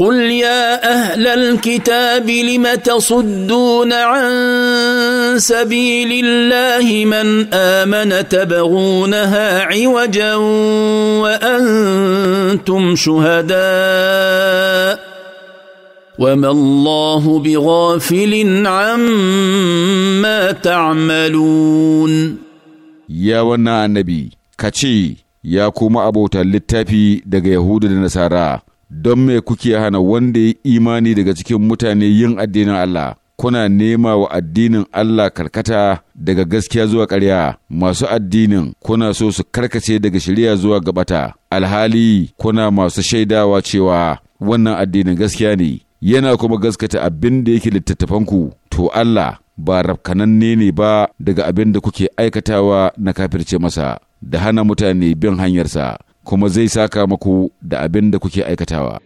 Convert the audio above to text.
قل يا اهل الكتاب لم تصدون عن سبيل الله من امن تبغونها عوجا وانتم شهداء وما الله بغافل عما تعملون يا ونا النبي كتشي يا كوما ابو تالتافي دجا يهود النصارى don me kuke hana wanda ya imani daga cikin mutane yin addinin Allah, kuna nema wa addinin Allah karkata daga gaskiya zuwa karya? masu addinin kuna so su karkace daga shirya zuwa gabata, alhali kuna masu shaidawa cewa wannan addinin gaskiya ne, yana kuma gaskata abin da yake littattafanku, to Allah ba rafkananne ne ba daga abin da kuke aikatawa na kafirce masa, da hana mutane bin hanyarsa. kuma zai saka maku da abin da kuke aikatawa.